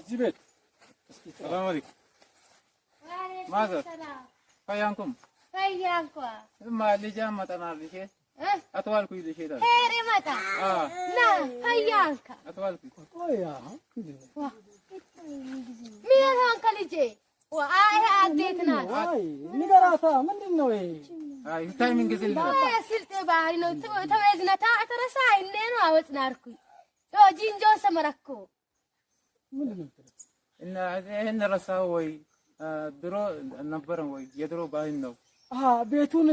እዚህ ቤት ሰላም አለይኩም ማዘር ፈያንኩም ፈያንኩ እማ ልጅ አመጣናል ልጄ አትዋልኩኝ ልጄ ታዲያ ሄሬ መጣ ና ፈያንካ አትዋልኩኝ ቆያ ምን አንተ ልጄ አይ አዴት ናት ንገራታ ምንድን ነው ይሄ አይ ታይሚንግ ዝል ነው አይ ስልጤ ባህሪ ነው ተወዝነታ አተረሳ አይኔ ነው አወጽናርኩኝ ጂንጆ ሰመረኩ እና ይሄን ረሳው ወይ ድሮ ነበረ ወይ የድሮ ባህል ነው? አዎ ቤቱን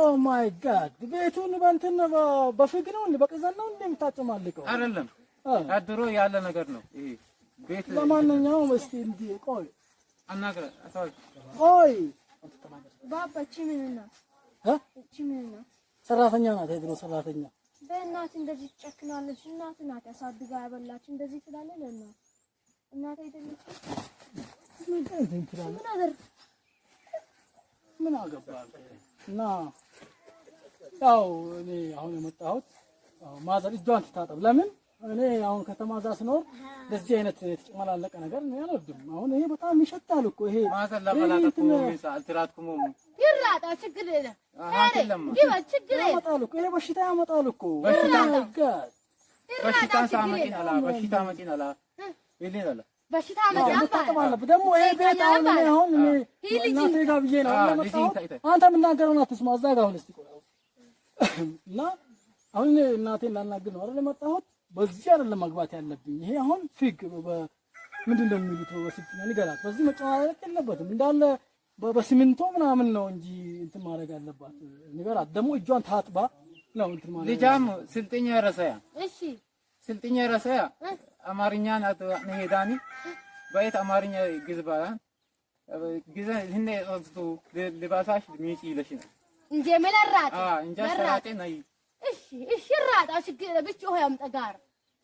ኦ ማይ ጋድ ቤቱን በእንትን በፍግ ነው እንዴ በቅዘን ነው እንዴ የምታጨማልቀው? አይደለም ድሮ ያለ ነገር ነው ይሄ ቤት። ለማንኛውም እስቲ እንዲ ቆይ አናገ አታውቅ ቆይ ባባ እቺ ምን ነው እቺ ምን ነው ሰራተኛ ናት የድሮ ሰራተኛ በእናት እንደዚህ ትጨክናለች። እናት ናት ያሳድጋ ያበላች። እንደዚህ ትላለህ ለእናት እናት አይደለች። ምን አገር ምን አገባል እና ያው እኔ አሁን የመጣሁት ማዘር እጇን ትታጠብ ለምን እኔ አሁን ከተማ እዛ ስኖር በዚህ አይነት የተጨመላለቀ ነገር እኔ አልወድም። አሁን ይሄ በጣም ይሸጣል እኮ ይሄ በሽታ ያመጣል እኮ ደግሞ ይሄ ቤት አሁን አሁን ጋር ነው አንተ የምናገረውን አትስማ። እዛ ጋር አሁን እስኪ እና አሁን እናቴን ላናግር ነው አይደል የመጣሁት በዚህ አይደለም መግባት ያለብኝ። ይሄ አሁን ፊግ ምንድን ነው የሚሉት በስልክ ንገራት። በዚህ መጨማለቅ የለበትም እንዳለ በሲሚንቶ ምናምን ነው እንጂ እንትን ማድረግ ያለባት ንገራት ደግሞ እጇን ታጥባ ነው እንትን ማድረግ ልጃም ስልጥኛ ረሰያ እሺ፣ ስልጥኛ ረሰያ አማርኛ ናት ነሄዳኒ በየት አማርኛ ግዝባላ ግዛ ህነ ወስቱ ልባሳሽ ይለሽ ነው እንጀ ምን አ እንጀ ራጤ ናይ እሺ እሺ ራጣ ሽግ ብቻ ሆያም ጠጋር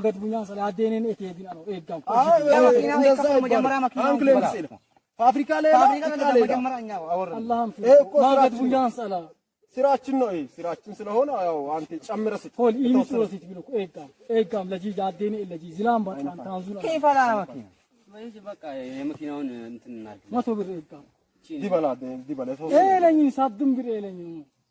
ስራችን ነው። ይሄ ስራችን ስለሆነ ያው አንተ ጨምረስ ሆል ኢንሱረሲት ቢሉ ኤጋም ኤጋም ለጂ ጃዴኔ ለጂ ዝላም ባጣን ታንዙ ነው ከይፋላ ማኪና ወይስ በቃ የመኪናውን እንትን እናድርግ መቶ ብር ኤጋም ዲበላ ዲበላ ሰው ኤለኝ ሳድም ብር ኤለኝ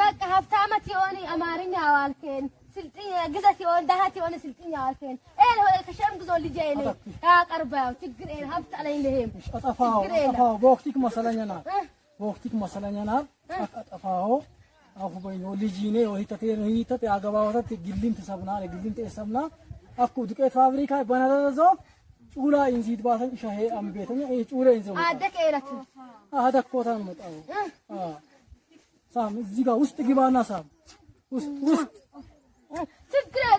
በቃ ሀብታማት የሆነ አማርኛ አዋልከን ስልጥኝ ግዛት የሆነ ዳሃት የሆነ ስልጥኝ አዋልከን እኔ ሆይ ከሸም ግዞ ልጅ አይኔ ያቀርባው ችግር እኔ ሀብት አለኝ ለሄም አጠፋው አጠፋው በወቅቲክ መሰለኛና በወቅቲክ መሰለኛና አጠፋው አፉ በይኖ ልጅ እኔ ወይ ተከየን ወይ ተጥ ያገባው ተጥ ግሊም ተሰብና ለግሊም ተሰብና አኩ ዱቄት ፋብሪካ በነረዘው ጩላ እንዚት ባሰን ሻሄ አምቤተኛ ይሄ ጩላ እንዘው አደቀ ይላችሁ አደቆታን መጣው አ ሳም እዚህ ጋር ውስጥ ግባና ሳም ውስጥ ውስጥ ችግር ይሄ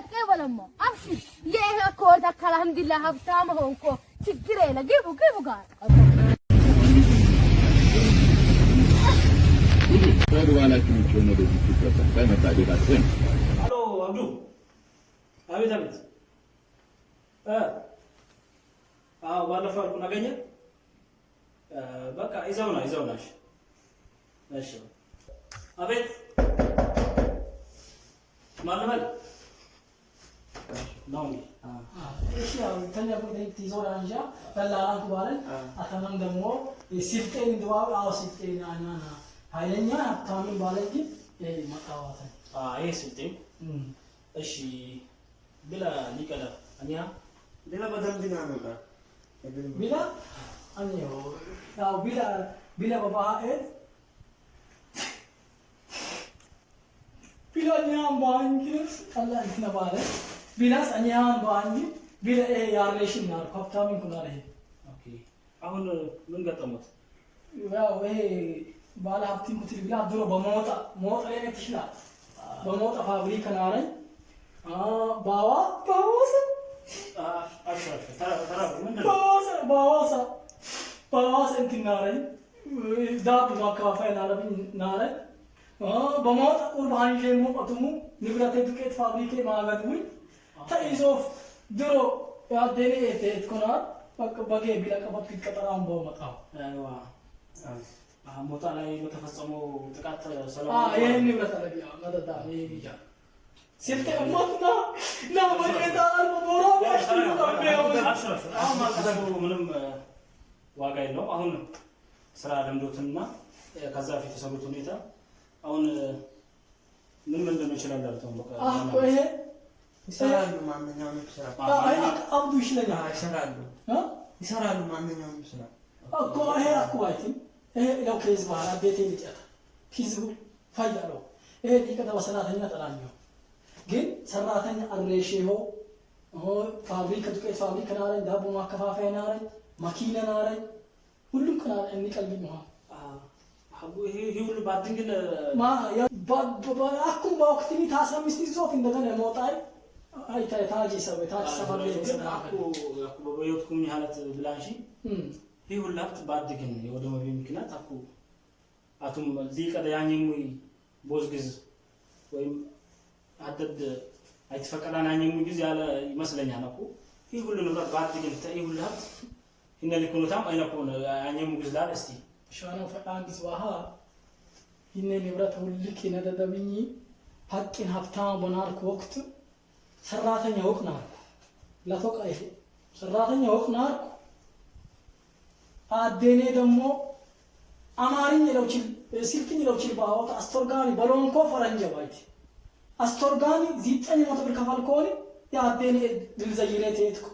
እኮ ሀብታም ችግር የለ ግቡ ግቡ ጋር አቤት አቤት አዎ ባለፈው በቃ እሺ አቤት ማለበል ነው እሺ አሁን ተኛ ቁጥር ትይዞራ እንጃ በላራን ኩባለን አተመን ደግሞ ስልጤን ድባብ አዎ ስልጤን አና ና ኃይለኛ አታምን ባለ እንጂ መቃወት አይ ስልጤ እሺ ብላ ሊቀላ እኛ ብላ በደንብ ና ነው ብላ አንዮ ያው ብላ ብላ በባህል bila anyaan baankinis kalla intina baale bilas anyaan baanኪ ቢለ ይሄ ያሬሽን ነው ሀብታምን ኩና ነው ኦኬ አሁን ምን ገጠሙት ያው ይሄ ባለ ሀብቲን ኩትል ቢላ ድሮ በመወጣ መወጣ ላይ ትችላል በመወጣ ፋብሪካ ናረኝ ባዋ ባዋሰ ባዋሰ ባዋሰ እንትን ናረኝ ዳብ ማከፋፈያ ናረኝ ናረኝ በሞት ቁርባን ሼ ሞቀቱሙ ንብረት ዱቄት ፋብሪኬ ድሮ ያደኔ በጌ ቢለቀበት በመጣው ሞጣ ላይ በተፈጸመው ጥቃት ይህን ንብረት መጠጣ ምንም ዋጋ የለውም። አሁን ስራ ለምዶትና ከዛ ፊት የሰሩት ሁኔታ አሁን ምን ምን ነው ይችላል አልተው በቃ ይሄ ይሰራሉ። ማንኛውም ይችላል። አይ አብዱ ይችላል። ይሰራሉ ይሰራሉ። ማንኛውም ይችላል እኮ ይሄ አኩባቲ ይሄ ያው ከዚህ በኋላ ቤቴ ልጨታ ሂዝቡ ፋያ ነው። ይሄ ሊቀጠው ሰራተኛ ጠላለሁ ግን ሰራተኛ አሬሽ ይኸው ፋብሪክ ዱቄት ፋብሪክ ናረኝ፣ ዳቦ ማከፋፈያ ናረኝ፣ ማኪና ናረኝ፣ ሁሉም ከናረኝ እንቀልብ ይሆናል akkuma waqtii taasifamis isoof hindaga namootaa taajii sabe taajii safar የወጥኩኝ ሀለት ብላንሺ ይህ ሁላት በአድግን የወደ መቢ ምክንያት አኩ አቱም እዚህ ቀደያኝሙ ቦዝግዝ ወይም አደድ አይተፈቀዳናኝሙ ጊዜ ያለ ይመስለኛል አኩ ይህ ሁሉ ንብረት በአድግን ይህ ሁላት እነሊኮኖታም አይነኮን ያኘሙ ግዝ ላል እስቲ ሻኖ ፈቃንዲስ ዝዋሃ ይነ ንብረት ውልክ ነደደብኝ ሀቂን ሀብታማ በናርክ ወቅት ሰራተኛ ወቅ ናርኩ ለቶቃ ይሄ ሰራተኛ ወቅ ናርኩ አዴኔ ደግሞ አማሪኝ ለውችል ስልክኝ ለውችል ባወቅ አስተርጋሚ በሎንኮ ፈረንጀ ባይት አስተርጋሚ ዚጠኝ መቶ ብር ከፋል ከሆነ የአዴኔ ድልዘይኔ ትሄድኩ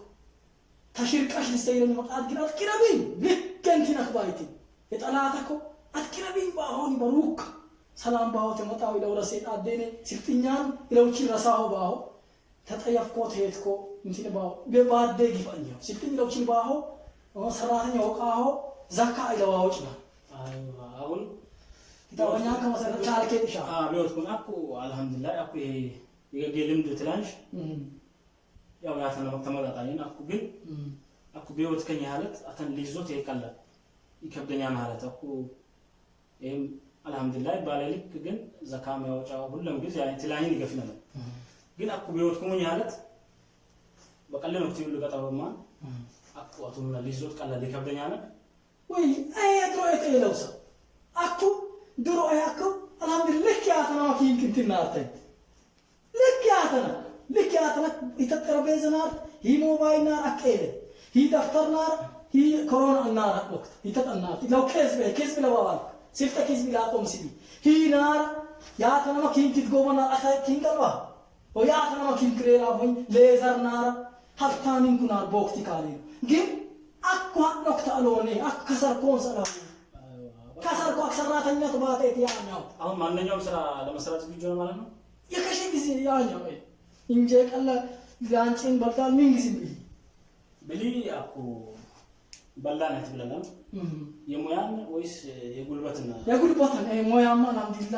ተሽርቀሽ ልሰይለኝ መቃት ግን አትቅረብኝ ልክ እንትን አክባይትኝ የጠላት ኮ አትቅረቢኝ ባሆን በሩክ ሰላም ባሆ ተመጣው ለውረሴ ጣዴኔ ሲፍጥኛን ለውቺ ረሳሁ ባሆ ተጠየፍኮ ተሄድኮ እንትን ባሆ በባዴ ግፈኛው ሲፍጥኝ ለውቺ ባሁ ሰራተኛ ወቃሁ ዘካ ይለዋውጭ ነው አሁን ታውኛ ከመሰረት ካልከሻ ቢወርኩን አኩ አልሐምዱላ አኩ የገጌ ልምድ ትላንሽ ያው ያተነ ተመጣጣኝ አኩ ግን አኩ ቢወት ከኛ ያለት አተን ልጅ ዞት ይቀላል ይከብደኛ ማለት እኮ ይህም አልሐምዱሊላህ ባለ ልክ ግን ዘካ የሚያወጫው ሁሉም ጊዜ ትላኝን ይገፍ ነበር ግን አኩ ቢወት ኩሙኝ ያለት በቀለን ወቅት ሁሉ ቀጠሮማ አኩ አቶ ምና ሊዞት ሊከብደኛ ነው ወይ አይ ድሮ የተለው ሰው አኩ ድሮ አያኩ አልሐምዱሊላህ ያተና ወኪን ክንትና አታይ ልክ ያተና ልክ ያተና ይተጠረበ ዘናት ይሞባይልና አቀለ ይደፍተርና ከሮና ናር ወቅት ይተጠናት ለው ኬዝ በ ኬዝ ሲልተ ኬዝ ብለ ሲቢ ሂ ናር ያ ተነመ ኪንቲት ጎበና አካ ኪንቀባ ወያ ተነመ ኪንክሬራ ሆኝ ሌዘር ናር ሀብታሚን ኩናር በወቅት ካሌ ግን አኩ ሀቅኖክተ አልሆኔ አኩ ከሰርኮን ሰላ ከሰርኮ ሰራተኛት ባጤት ያኛው አሁን ማንኛውም ስራ ለመስራት ዝግጁ ነው ማለት ነው። የከሽ ጊዜ ያኛው እንጂ ቀለ ላንቺን በልታል ምን ጊዜ ብሊ ብሊ አኩ በላነት ብለናል። የሙያን ወይስ የጉልበትን? የጉልበትን ሙያማ ላምዲላ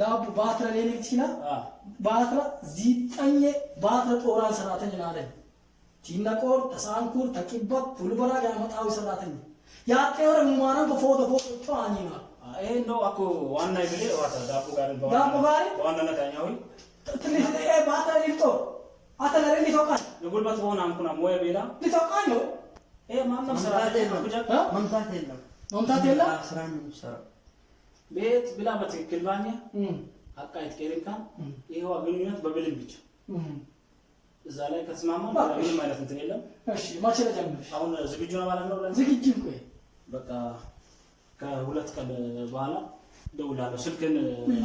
ዳቡ በአትረ ሌሌክቲና በአትረ ዚጠኘ በአትረ ጦራን ሰራተኝ ናለ ቲነቆር ተሳንኩር ተቂበት ፉልበራ ያመጣዊ ሰራተኝ ያጤወረ ሙማራን በፎቶ ፎቶ ጮ አኒና ይሄ ነው አኮ ዋና ይብሌ ዋታ ዳቡ ጋር ዳቡ ጋር ዋናነት አኛው ትንሽ በአትረ ሊልጦ አተለረ ሊቶቃል የጉልበት በሆነ አንኩና ሙያ ቤላ ሊቶቃል ነው መምታት የለም ስራ ነው የሚሰራው። ቤት ብላ በትክክል ባኛ አቃይት ቄሪካን ይሄዋ ግንኙነት በብልም ብቻ እዛ ላይ ከተስማማ ምንም አይነት እንትን የለም። እሺ መቼ አሁን ዝግጁ ነው ማለት ነው? ዝግጁ በቃ ከሁለት ቀን በኋላ እደውላለሁ። ስልክን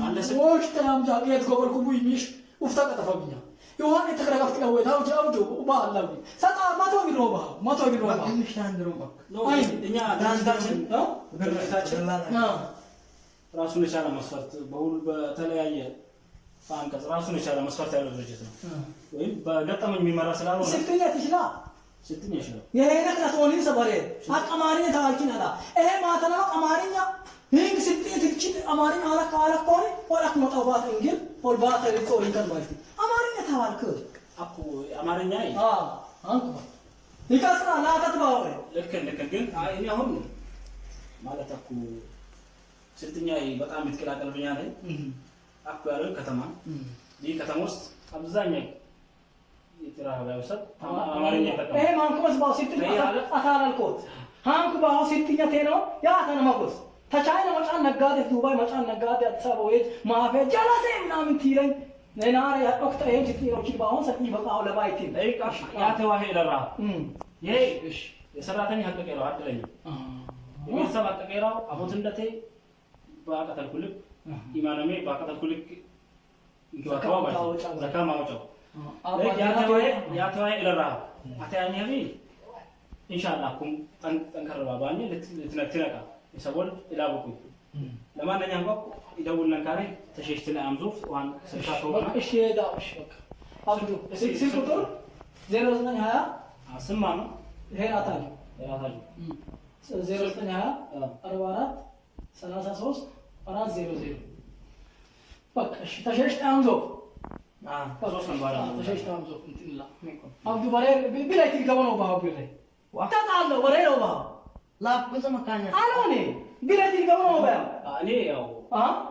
አንደ ስልክ ወሽ ተያምታ ቄት ኮበልኩ ቡይ ሚሽ ውፍታ ቀጠፈብኛ የሆነ የተከረጋግጥ አውጆ አውጆ ባህላዊ ሰጣ መቶ ቢሮ ባህ መቶ ቢሮ ባህ ትንሽ አንድሮ ባህ እኛ ዳንታችን ነው ብርታችን ራሱን የቻለ መስፈርት በሁሉ በተለያየ አንቀጽ ራሱን የቻለ መስፈርት ያለው ድርጅት ነው። ወይም በገጠመኝ የሚመራ ስላልሆነ ስልክነት ይችላል ስልክነት ይችላል የሄነት አትወሊ ሰበሬ አቀማሪ ታልኪን አላ ይሄ ማተና አማርኛ ይህን ስልጤ ትልችል አማርኛ አላ ካላ ኮሪ ወራክ መጣባት እንግል ወልባተ ሪቆ ይተባልቲ ተባልክ አኩ አማርኛ አይ አንኩ ይቀስራል አከትባው ልክ ልክ ግን እኔ አሁን ማለት አኩ ስልጥኛ በጣም ይትቀላቀልብኛ ላይ አኩ ያለው ከተማ ይህ ከተማ ውስጥ አብዛኛው የትራባዩ ሰብ አማርኛ ከተማ ይሄ ማንኩስ ባው ሲትኛ አታላልኮት ሃንኩ ባው ሲትኛ ተነው ያ ተነማኩስ ተቻይና መጫን ነጋዴ ዱባይ መጫን ነጋዴ አዲስ አበባ ወይ ማፈጃ ጀላሴ ምናምን ትይለኝ Nenare ya dokta hemsi tiro ki ba onsa ti baka ola baitin. Ei የሰራተኛ ህግ ቀይረው የቤተሰብ አጠቀይራው አሁት እንደቴ በአቀተልኩ ልክ ኢማነሜ በአቀተልኩ ልክ ዘካ ማውጫው ያተዋይ ለራ አተያኛቢ ኢንሻላ ኩም ጠንከር ባባኝ ልትነካ የሰቦል ኢላብኩ ለማንኛም ጓ ይደውልነን ካለኝ تشيش تلا أمزوف وان سكاتو ما إيش هي داوش بك أرجو سيك سيك كتر زيرو زمن هيا عصم ما نو هي راتاجو هي راتاجو زيرو زمن هيا أربعات سلاسة سوس أربعة زيرو زيرو بك تشيش تلا أمزوف اه اه اه اه اه اه اه اه اه اه اه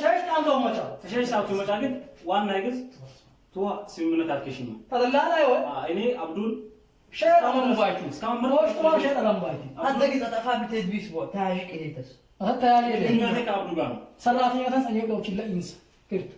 ሸሽጣን ሰው መጫ ተሸሽታችሁ መጫ ግን ዋና ግዝ ትዋ ስምምነት አትከሽም ታላላ ላይ ወይ እኔ አብዱል ሸጣን ባይቱ ስካም ብሮሽ ትዋ ሸጣን ባይቱ አንተ ግዝ አጠፋ ብትሄድ ቢስ ቦ ታያቂ ለተስ አታ ያለ ሰራተኛ ተሰኝ ገብችላ ኢንስ ግርት